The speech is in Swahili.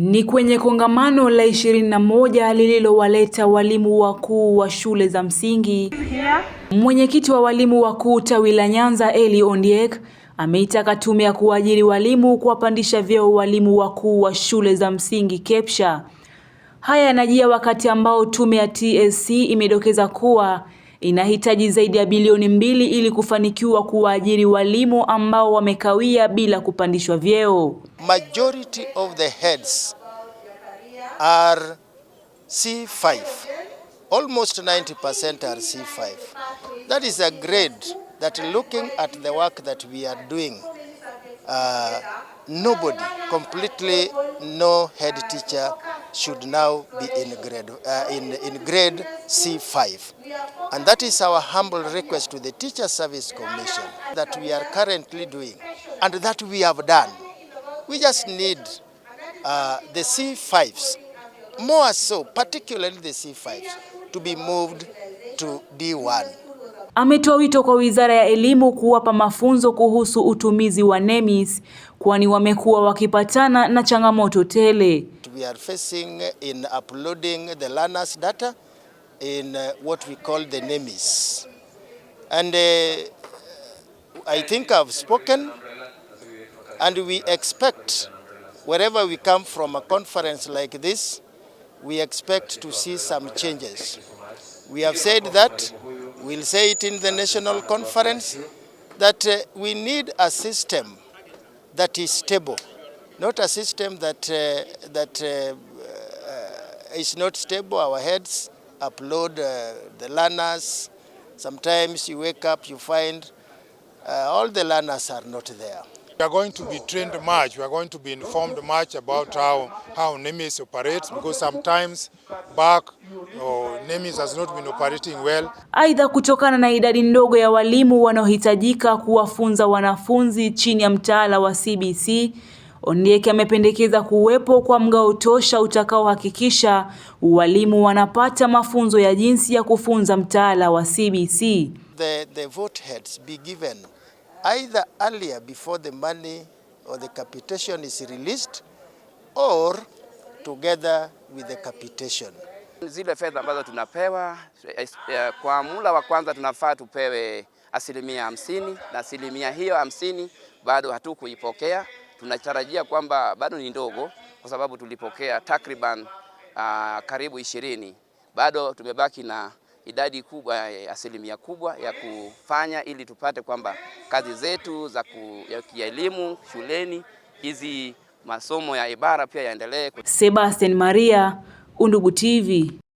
Ni kwenye kongamano la 21 lililowaleta walimu wakuu wa shule za msingi. Mwenyekiti wa walimu wakuu tawi la Nyanza Eli Ondiek ameitaka tume ya kuajiri walimu kuwapandisha vyeo walimu wakuu wa shule za msingi KEPSHA. Haya yanajia wakati ambao tume ya TSC imedokeza kuwa inahitaji zaidi ya bilioni mbili ili kufanikiwa kuwaajiri walimu ambao wamekawia bila kupandishwa vyeo. Majority of the heads are C5. Almost 90% are C5. That is a grade that looking at the work that we are doing uh, nobody completely no head teacher should now be in grade, uh, in, in grade C5. And that is our humble request to the Teacher Service Commission that we are currently doing and that we have done. We just need uh, the C5s, more so, particularly the C5s, to be moved to D1. Ametoa wito kwa Wizara ya Elimu kuwapa mafunzo kuhusu utumizi wa NEMIS kwani wamekuwa wakipatana na changamoto tele we are facing in uploading the learners data in uh, what we call the NEMIS. And uh, I think I've spoken and we expect wherever we come from a conference like this, we expect to see some changes. We have said that, we'll say it in the national conference, that uh, we need a system that is stable not a system that, uh, that uh, uh, is not stable. Our heads upload uh, the learners. Sometimes you wake up, you find uh, all the learners are not there. We are going to be trained much, we are going to be informed much about how, how NEMIS operates because sometimes back oh, NEMIS has not been operating well. Aidha, kutokana na idadi ndogo ya walimu wanaohitajika kuwafunza wanafunzi chini ya mtaala wa CBC Ondieki amependekeza kuwepo kwa mgao tosha utakaohakikisha walimu wanapata mafunzo ya jinsi ya kufunza mtaala wa CBC. The, the vote heads be given either earlier before the money or the capitation is released or together with the capitation. Zile fedha ambazo tunapewa eh, eh, kwa mula wa kwanza tunafaa tupewe asilimia hamsini na asilimia hiyo hamsini bado hatukuipokea tunatarajia kwamba bado ni ndogo, kwa sababu tulipokea takriban uh, karibu ishirini. Bado tumebaki na idadi kubwa, asilimia kubwa ya kufanya ili tupate kwamba kazi zetu za kielimu shuleni hizi masomo ya ibara pia yaendelee. Sebastian Maria, Undugu TV.